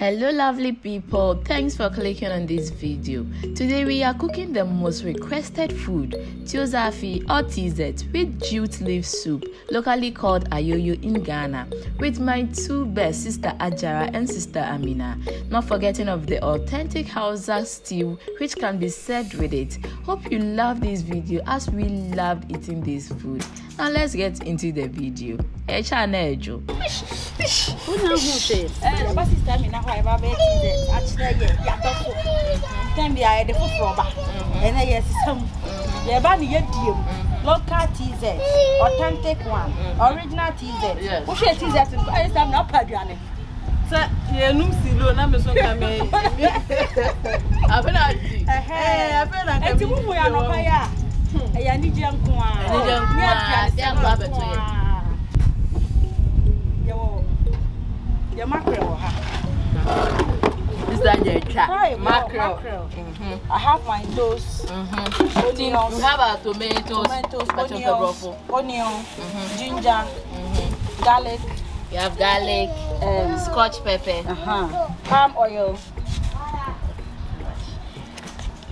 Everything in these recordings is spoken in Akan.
hello lovely people thanks for clicking on this video today we are cooking the most requested food tiozafi or tz with jute leaf soup locally called ayoyo in ghana with my two best sister ajara and sister amina not forgetting of the authentic hausa stew which can be served with it hope you love this video as we loved eating this food Now let's get into the video. Ẹ ṣáà náà ẹ jò. Ó náà hùn ṣe. Ẹ bàbá sísá mi náà wà ẹ bá bẹ́ẹ̀ tí ẹ àtúnyẹ yẹ yàtọ̀ fò. Nǹkan bí ayẹ de fòfòrò ọba. Ẹnẹ yẹ sísá mu. Yẹ bá nìyẹ dìé mu. Local TZ, mm-hmm. authentic one, mm-hmm. original TZ. Ó ṣe TZ nǹkan ayé sá mi náà pàdé àná. Sẹ yẹnum sí lo náà mi sọ ká mi. Àbẹ̀nà àti. Ẹ̀hẹ́ ẹ̀fẹ̀ nà kẹ́mi. Ẹ̀tí mú mu yà nọ ɛyɛ anigye nko a anigye nko a ɛdi akɔ abɛto yɛ yɛwɔ yɛ makrel wɔ i have my toast mm -hmm. onions have our tomatoes onions mm-hmm. ginger mm-hmm. garlic you have garlic um, um, scotch pepper uh -huh. palm oil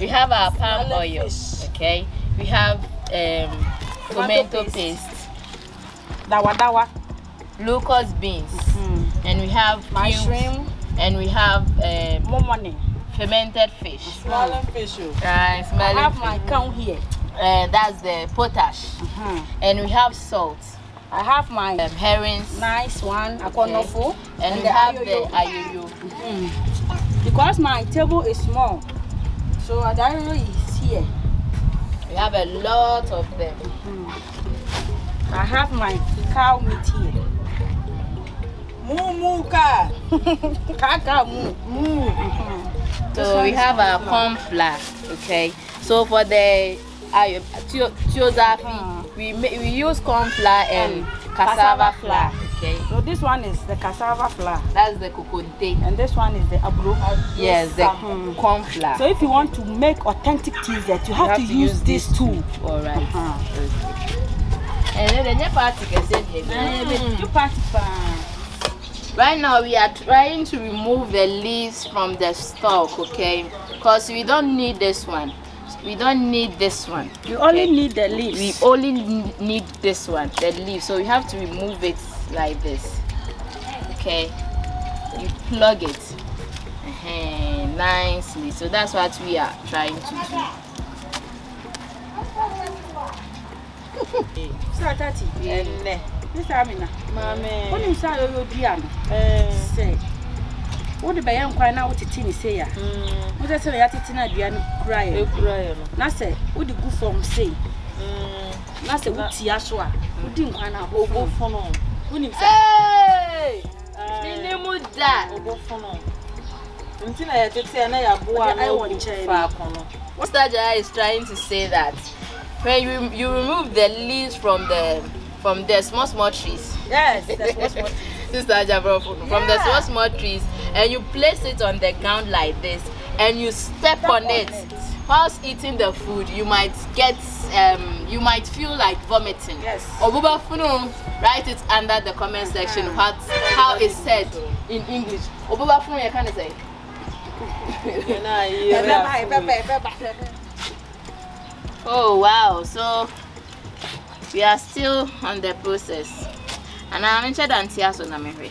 you have our palm oil fish. okay we have um, tomato, tomato paste, paste. dawa dawa locust beans mm -hmm. and we have mushroom and we have um, more money fermented fish smelling fish oh. smelling I have fish. my count here uh, that's the potash mm -hmm. and we have salt I have my um, herrings nice one akonofo okay. and, and we the have ayoyo. the ayoyo mm -hmm. because my table is small so the ayoyo is here We have a lot of them. Mm -hmm. I have my cow meat here. Moo moo ka. Kaka moo. Moo. So we have our corn flour, okay? So for the uh, ah. we, we use corn flour and cassava flour. Okay. So this one is the cassava flour. That's the kokonte. And this one is the abro. Yes, the corn flour. So if you want to make authentic tea that you, you have, to, to use, use this, too. All right. Uh -huh. And then the party can say Right now we are trying to remove the leaves from the stalk, okay? Because we don't need this one we don't need this one you only need the leaves we only need this one the leaves so we have to remove it like this okay you plug it uh -huh, nicely so that's what we are trying to do sir tati ẹnẹ mr amina maame wọn ni sá yóò di àná sẹ wọn de bẹyẹ nkwan náà wọn tètè ní sẹ yà wọn tẹ sẹ yà tètè náà dua ní kura yẹ náà sẹ wọn de gu fọm sẹ náà sẹ wọn tìyà so a wọn di wonimsɛ mene mu da wobɔfono nti na yɛtete na yɛaboa nofaako no Staja is trying to say that when you, you remove the leaves from the from the small small trees. Yes, the small small trees. Sister Jabro, from the small small trees, and you place it on the ground like this, and you step, step on, on it. it. whilst eating the food you might get um, you might feel like vomiting yes obuba funu write it under the comment section uh-huh. what how it's said in english obuba funu you can say oh wow so we are still on the process and i'm interested in tiaso namiri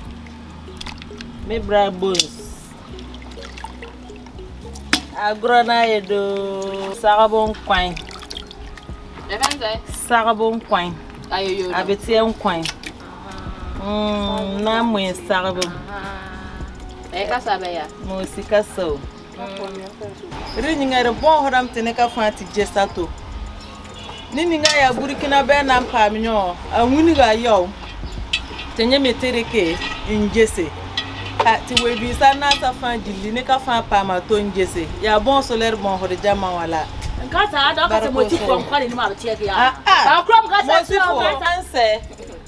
Mi bra bones agorɔ na yɛ do sagbo nkwan eh? sagbo nkwan abeteɛ nkwan ah. hmm, na mwe sagbo ah. eh, mo sika sao hmm. ri nyiŋɛri bɔɔhɔram ti ne ka fãa ti je sato ni niŋa ya burkina bɛɛ naŋ paami nyɔ a ŋuniga yau ti nyɛ mi tereke n jese Ah, ti webi sa na sa fan dili ne ka fan pama to njese ya bon solaire bon hore jama wala nka sa da ka se mo ti ko nka ni ma ah, ah, ti ya ba kro nka sa ti o ka tan se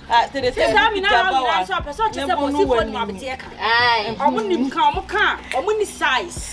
a te de se mi na ra mi na so person ti se mo ti ko ni ma ti ya ka ai o mo ni ka o mo ka o mo ni size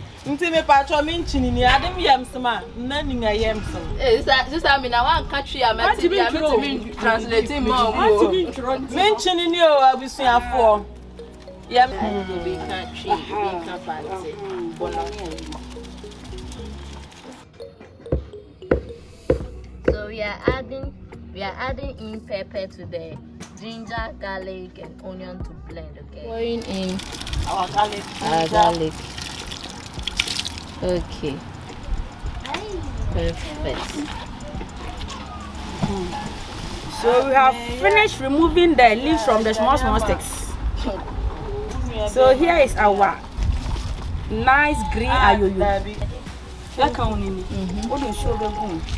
nti mepatɔ me nkyini ni ade mi yɛ nsɛm a nna ni nga yɛ nsɛm. ee eh, sisan mina wa nka twi a mɛ ti bi a mɛ ti bi translate ma o wo. me nkyini ni o abusuafoɔ. yɛ mi. ebi nka twi ebi nka fante bɔnɔ. So we are adding we are adding in pepper to the ginger, garlic and onion to blend, okay? Going in our garlic. Our garlic. Okay. Perfect. So we have finished removing the leaves from the small small sticks. So here is our nice green ayoyo. That can only. Mm -hmm.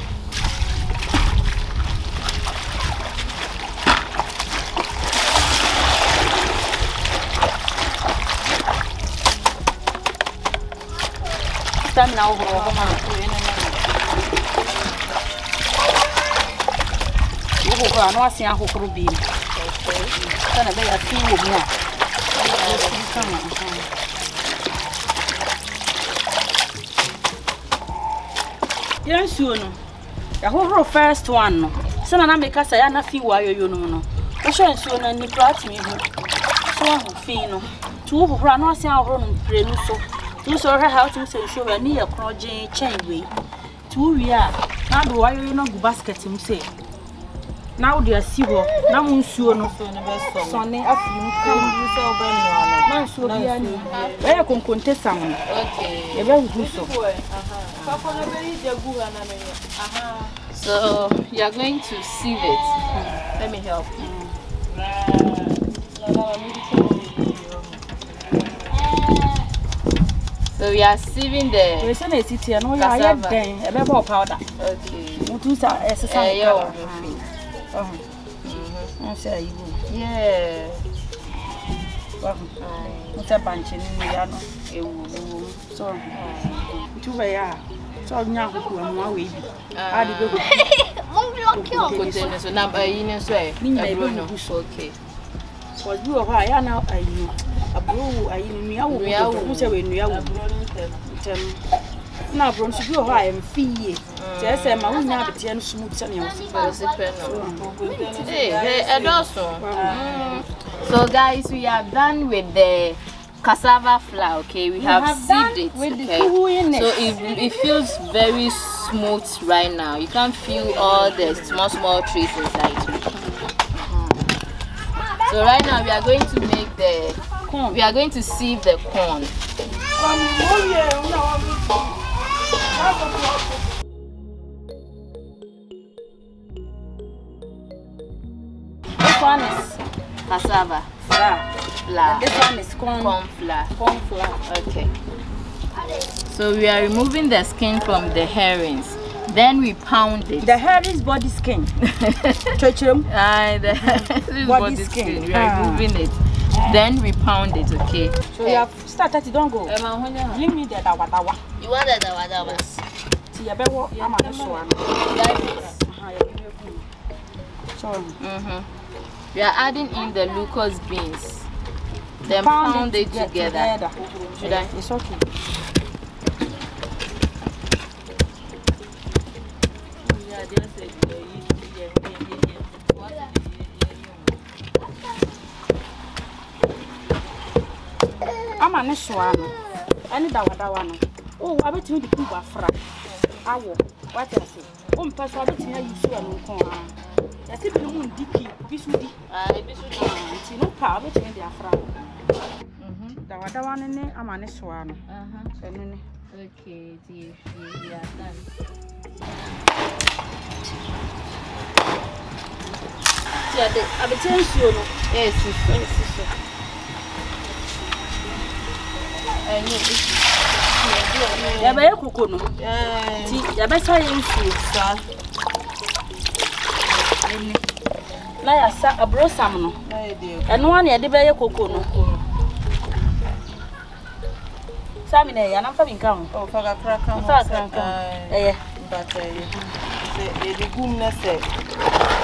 stamina ahoroɔ hɔ ma wohohoro a na wasen ahohoro bi mu sɛne ɛbɛyɛ fi wɔ mu a kama yɛn nsuo no yɛahohoro first one no sɛna na meka sɛ yɛana fi wɔ ayɔyɔ no mu no wohyɛ nsuo no ani koraa atumi ho so waho fi no nti wohohoro a na wasen ahohoro no mprenu so nso hwɛ ha wotum sɛ nsuo wɔ ani yɛ korɔgyen kyɛn wei nti wowie a na ade wɔayɛyɛ no agu basket mu sɛ na wode asi hɔ na mo nsuo no sɔne afiri mu na nsuo bia ni ɛyɛ konkonte sam no yɛbɛhuhu so So you are going to sieve it. Mm. Let me help. Mm. So we are sieving the. We send a city and we are then a level powder. Okay. We do that as a sign. Yeah. I say you. Yeah. What's a bunch in Yano? So, two way are. Ah. So now who am I with? I did go. Mungkin so nampak ini so eh. Minyak okay. So dua hari, ya na ayu. aburo wo ayi nnua smooth so guys we are done with the cassava flour okay we have, have sieved it okay it. so it, it feels very smooth right now you can feel all the small small trees inside mm. so right now we are going to make the corn. We are going to sieve the corn. This one is cassava. Flour. This one is corn. Corn flour. Corn flour. Okay. So we are removing the skin from the herrings. Then we pound it. The herring's body skin. Churchill. Ah, the mm-hmm. herring's body, body skin. skin. We are ah. removing it. Then we pound it, okay? So you have started, don't go. Leave me the dawa dawa. You want the dawa dawa? Yes. Tiya bewo, I'm on this So, mm-hmm. We are adding in the Lucas beans. Then pound, pound it, it together. together. Should I? It's okay. ne soa no ɛne dawadawa no o wabɛtumi de kum wafra awɔ wate ase o mpɛ so wabɛtumi ayi so ɛno nko a yɛsɛ bi no mu ndi pii bi so di ah, ah, nti no pa wabɛtumi de afra wo mhm. dawadawa no ne ama ne soa no ɛno ne Okay, dear, we are done. Yeah, the, I'm a tension. Yes, yes, yes yɛbɛyɛ koko no nti yɛbɛsa yɛ nsuo na yɛsa aborɔsam no ɛnoa ne yɛde bɛyɛ koko no sami na ɛyɛ anamfa bi nka ho mfa kakra nka ɛyɛ yɛde gum no sɛ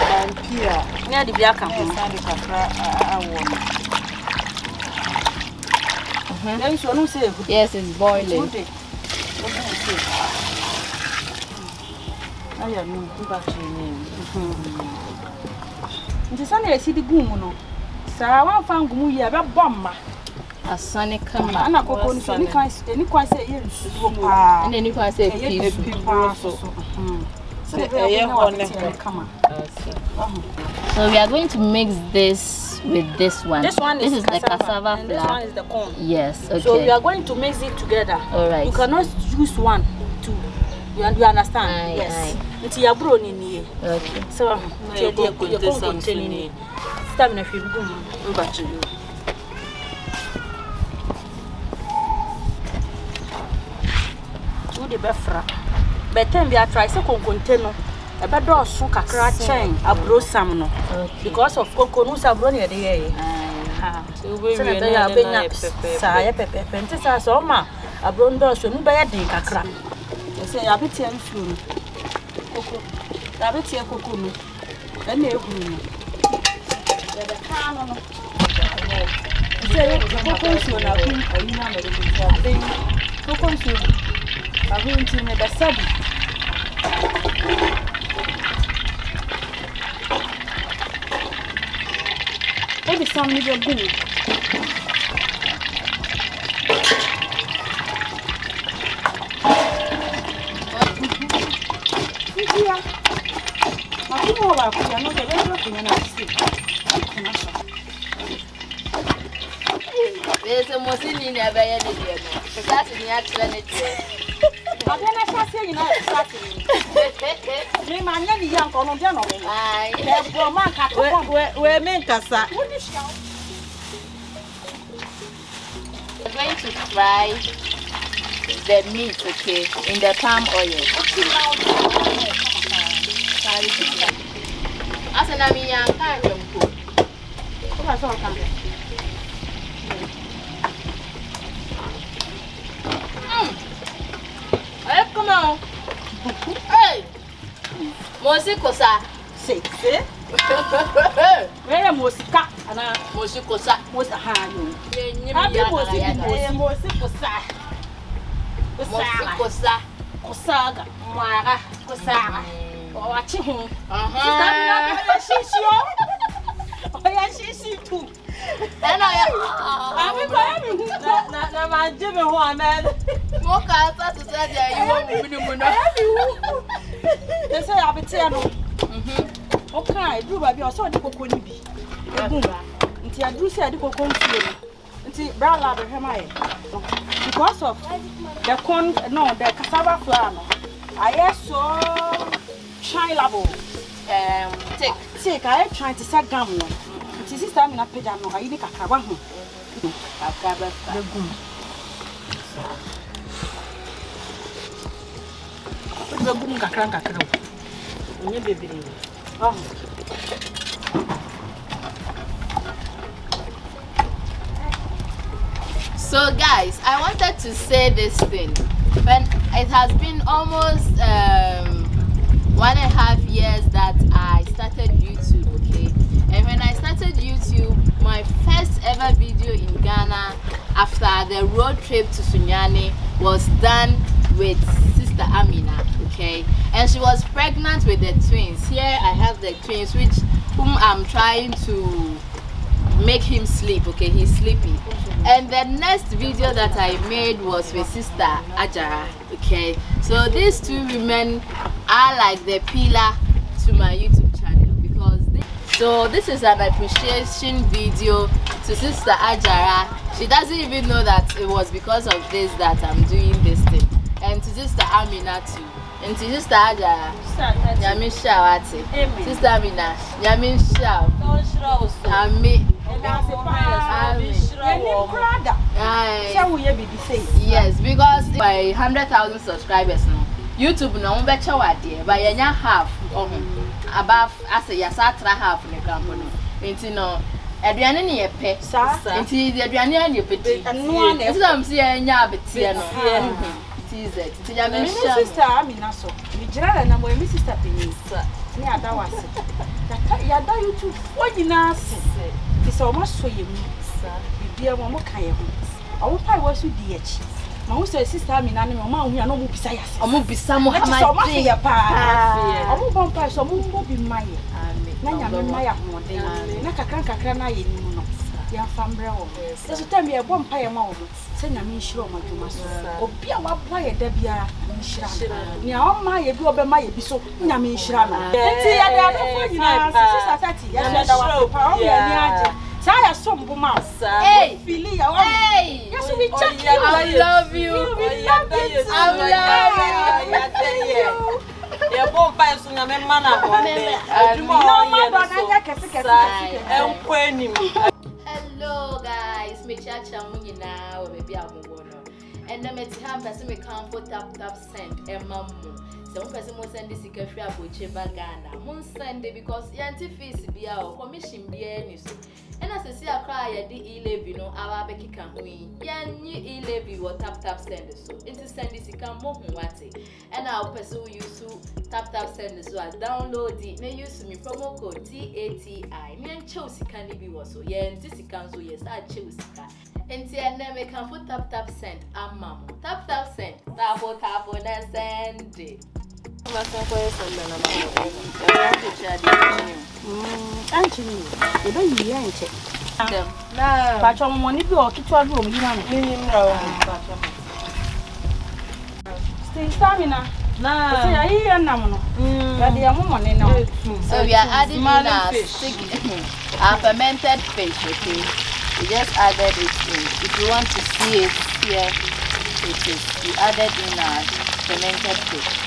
mampi a ne yɛde bi aka ho -hmm. Yes, it's boiling. Good day. I am not back to you. Nti sani esi di gum no. Saa wan fa ngum yi abe bɔ mma. Asane kama. Ana koko ni so ni kan ni kwan se ye So we are going to mix this with this one. This one this is, is cassava, the cassava flour. This one is the corn. Yes. Okay. So you are going to mix it together. All right. You cannot use one two. You, you understand? Aye, yes. Nti ya bro ni Okay. So you go continue something ni. Stamina fi gumu. Mba chiyo. Wo de befra. Betem bi atry se konkonte no ɛbɛ dɔɔso kakra kyɛn aburo sam no because of koko no sɛ aburo ne yɛde yɛyɛ sɛnɛ bɛyɛ abɛnya saa yɛ pɛpɛpɛ nti saa sɛ ɔma aburo no dɔɔso mu bɛyɛ den kakra ɛsɛ yɛabeteɛ mfiro no koko yɛabeteɛ koko no ɛna ɛhuru no yɛbɛkaa no no sɛ koko nsuo na ahom ayina mɛde abɛn koko nsuo ahom nti ne bɛsa bi det som ni vill god. Mafumo wa kuya no gele ro kuya na sisi. Bese mosi ni na ba ya ni dia no. Sasa ni akira ni dia. Abena sasa ni na sasa ni. Me manya ni ya nkono dia no me. Ai. Be bo man ka ko. We we me nkasa. fry the meat, okay, in the palm oil. Asa na mi yan kan jom ko. Ko ba so kan. Hmm. Eh, come on. hey. Mo si ko sa. Se se. Mere mo mosi kosa. mosi hayo. abi mosi mosi mosi kosa. mosi kosa. kosaga. mwara kosaga. ọwọchi hun. sita mi na ọyọ sisi o ọyọ sisi tu. ẹnna ọyọ. àbí kò ah. yẹ mi hun. na na ma jẹ mi hun amẹ. mo kà á sá sísẹ di ẹyin wọn mú mi ni mu náà. ẹyẹ mi hu. ṣe sẹ àbí tiẹ nù. Mhm. ó kàn án ìdúró bàbí ọ̀sán ò ní kókó níbi egum nti aduru sɛ yɛde kɔkɔ nsuo no nti brown lab hwɛ ma yɛ because of the corn no the cassava flour no ayɛ so trainable um, take take ayɛ train te sɛ gam no nti sista mi na pagya no ayi ne kakra wa ho kakra bɛ fa egum. Wode bɛgu mu kakra nkakra o ɛnyɛ bebree So guys, I wanted to say this thing. When it has been almost um, one and a half years that I started YouTube, okay? And when I started YouTube, my first ever video in Ghana after the road trip to Sunyani was done with Sister Amina, okay? And she was pregnant with the twins. Here I have the twins, which whom I'm trying to make him sleep okay he's sleepy and the next video that i made was with sister ajara okay so these two women are like the pillar to my youtube channel because they so this is an appreciation video to sister ajara she doesn't even know that it was because of this that i'm doing this thing and to sister amina too and to sister ajara nyamisha wati sister amina nyamisha ami. Yes, because by 100,000 subscribers now, YouTube no be chew ade, but yanya half of above as ya satra half in ne grampo no. Nti no aduane ne yɛpɛ nti aduane a ne yɛpɛ ti nti sɛ msi yɛnya abeteɛ no sister, mhm. nti nyame hyɛmsister We generally megyina my sister mɔyɛ me sister that ne ada wase yɛada youtube fo nyinaa se nti sɛ ɔmo asɔ yɛ mu bibia mu ɔmo ka yɛ ho ɔmo pa ɛwɔ so di akyi ma ho sɛ sista mi nane mi ɔmo ahonya na ɔmo bisa yasa ɔmo bisa muhammad ɛkyɛ sɛ ɔmo afi yɛ paa ɔmo bɔ mpa sɛ ɔmo bɔ bi ma yɛ na nyame ma yɛ ahoɔden na kakra kakra na yɛ nimu no yɛmfa mbrɛ wɔ mo ɛso tɛm yɛ bɔ mpa yɛ ma wɔ mo sɛ nyame nhyira ɔmo adwuma so obi a waboa yɛ da biara nhyira no nea ɔma yɛ bi ɔbɛma yɛ bi so nyame nhyira no nti yɛde adɔfo nyinaa sisi sasɛti yɛhyɛ da wɔ pa ɔmo yɛ ni Taya some woman. Hey. Hey. Yes, we check you. I love you. We love you. I love you. yɛbɔ mpa yɛ so nyame ma na bɔnɛ adwuma a ɔyɛ no so ɛnkɔ anim hello guys mekyakya mo nyinaa wɔ baabi a mowɔ no ɛnɛ mete ha mpɛ sɛ mekamfo taptap send ɛma mo sɛ wɔn pɛsɛ wɔn sɛnde sika firi abɔkye ba ghana wɔn sɛnde because yɛn ti fees bia o commission bia ni so ɛna sisi akora a yɛde e-levy no aba abɛkeka ho yi yɛnyi e-levy wɔ taptap send so nti send sika mbɔ ho wate ɛna wopɛ sɛ woyusu taptap send so a download na yusu mi promo code tati na yɛnkyɛw sika no bi wɔ so yɛnti sika nso yɛ saa kyɛw sika nti ɛnɛ mekamfo taptap send ama tap tap send taabo taabo na sɛnde So we are adding in a stick, a fermented fish, okay? We just added it in. If you want to see it here, it is. We added in a fermented fish.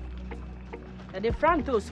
de Frank, teus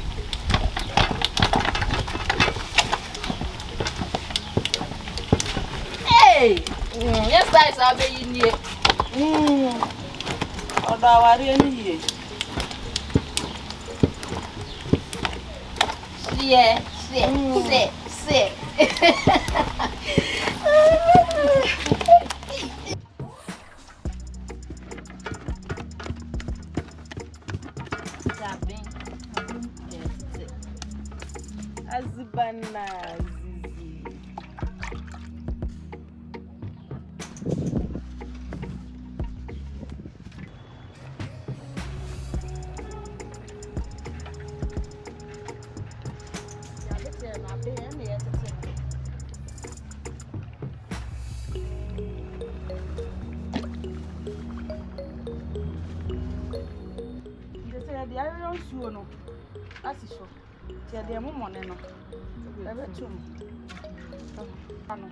Hey, mm, yes, guys, I'll be in here. Mm. Oh, no, I didn't hear. Yeah, yeah, mm. yeah, bathroom. Ano.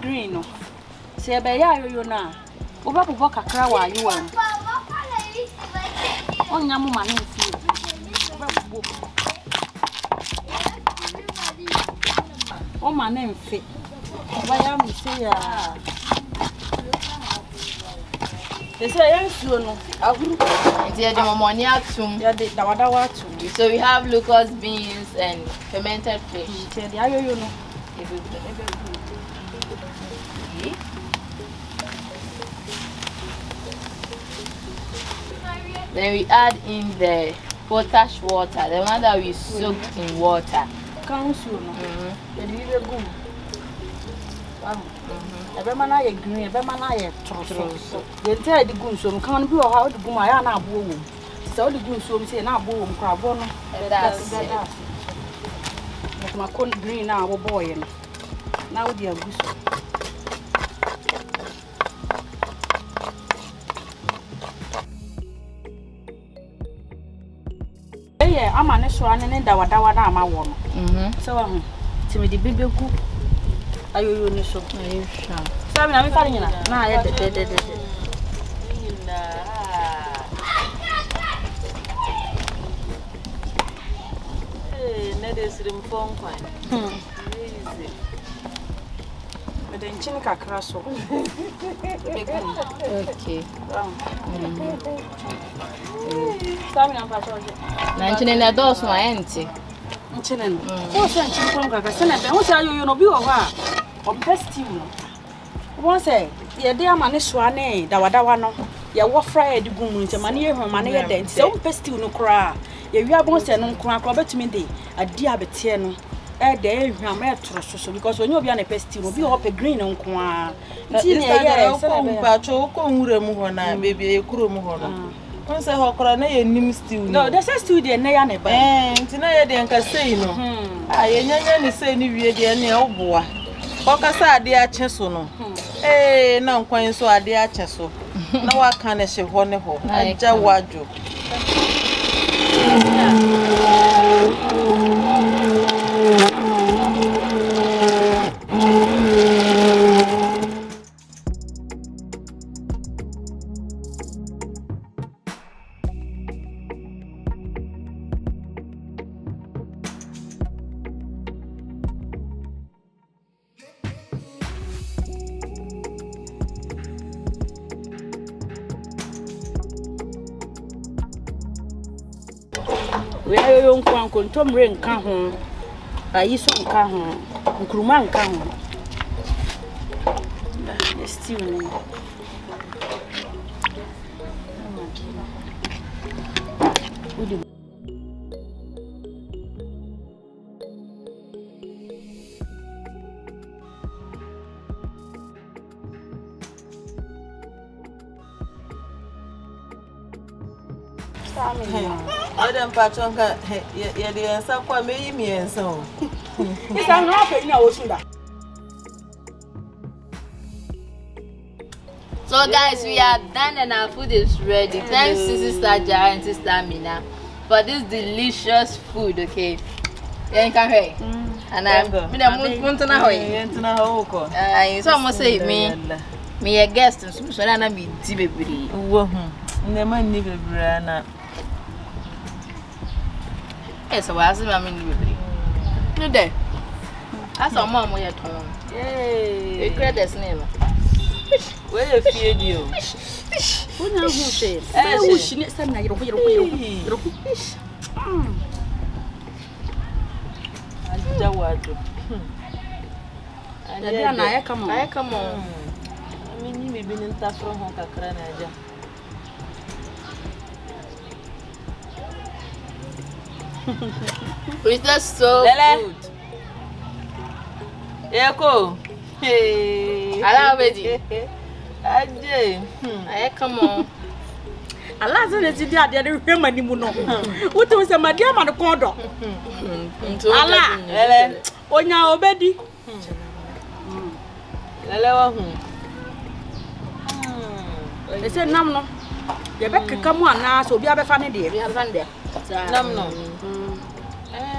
green no. Sɛ ɛbɛyɛ ayoyo no a, wobɛbobɔ kakra wɔ ayowa no. Ɔnya mo ma ne nsi. Wobɛbobɔ. ne mfe so we have locust beans and fermented fish Then we add in the potash water, the one that we soaked in water. mm -hmm ɛbɛma no ayɛ green ɛbɛma no ayɛ toroso yɛnti a yɛde gu nsuom kama no bi wɔ hɔ a wode gu mu a yɛ a na aboɔ wɔ mu nti sɛ wode gu nsuom sɛ yɛ na aboɔ wɔ mu kora aboɔ no bɛda ase mako green no a wobɔɔyɛ no na wode agu so ɛyɛ ama ne soa ne ne dawadawa no ama wɔ no mhm. sɛ wahu nti mede bi bɛgu ayo yo ni so ayo sha sabi na mi fari nyina na aye de de de de nyina eh na de sirim fon kwan hmm easy medan chin kakra so okay hmm. sabi na pa choje na chin hmm. na dos ma enti chin na ko san chin kon kaka sana da ho sa yo yo no bi wa ha ɔmpɛ stew no wɔn sɛ yɛde ama ne soa ne dawadawa no yɛwɔ fra yɛ de gum no nti ma ne yɛ hɔn ma ne yɛ dɛ nti sɛ ɔmpɛ stew no koraa yɛwi abɔnsɛ no koraa koraa ɔbɛtumi de adi abɛteɛ no ɛdɛ ehwam ɛtoro soso because onye obi a n'epɛ stew no obi a ɔpɛ green no nkoa nti ne yɛ sɛ ɔkɔ mpatso ɔkɔ nwura mu hɔ na beebi ekuro mu hɔ no wọn sɛ hɔ koraa na yɛ nim stew no no dɛsɛ stew deɛ nɛ ya ne ba ɛɛ nti na yɛ deɛ nka sei no a yɛ nyanya ne sei ne wie deɛ ne ɛwoboa ɔkasa adeɛ akyɛ so no ee na nkwan nso adeɛ akyɛ so na waka no hyɛ hɔ ne hɔ agya wadwo. ntɔmmire nka ho ayi so nka ho nkuruma nka ho stew ni. Sağ ɔdɛ mpatsɔ nka yɛde yɛn nsa kɔ a meyi mmiɛnsa o. sisan n'aw fɛ yen na o sun da. So guys, we are done and our food is ready. Thanks to Sister Jara and Sister Mina for this delicious food, okay? Yẹn ka hwẹ. Ana mi dẹ mu ntena hɔ yi. Yẹn ntena hɔ kɔ. Ayi sọ mo sẹ mi mi yɛ guest nso mi sọ de ana mi di bebree. Wo hun, nnẹma nni bebree ana. Yes, wɔase maame ni bebree ne dɛ asa ɔmo a mo yɛ tɔn ekura Yay! You no his name. Where o wɔnyɛ ahu sɛ ɛyɛ wo si ne sɛ na yɛrɛko yɛrɛko yɛrɛko yɛrɛko agya wɔ ado dabi a na ayɛ kama o ayɛ kama o ɛmi nyi bibi ne nta foro ho kakra na agya. it tastes so Lele. good. Eko. Alabedi. Ajé. Hey, hmm. come on. alaasị na-esi di adịa dị hwe ma n'imu nọ ụtụ sị ma di ama n'ụkọ ọdọ ala onye Obedi. obe di lele wahu ese hmm. nam nọ yabɛ keka mu So obi abɛfa ne deɛ nam nọ hmm.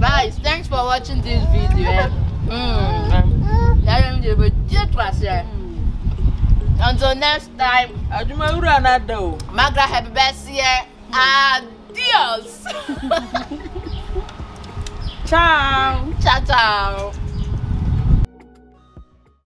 Guys, thanks for watching this video. Mm. Let me be just was Until next time. Aduma ura na do. Magra happy best year. Adios. ciao. Ciao ciao.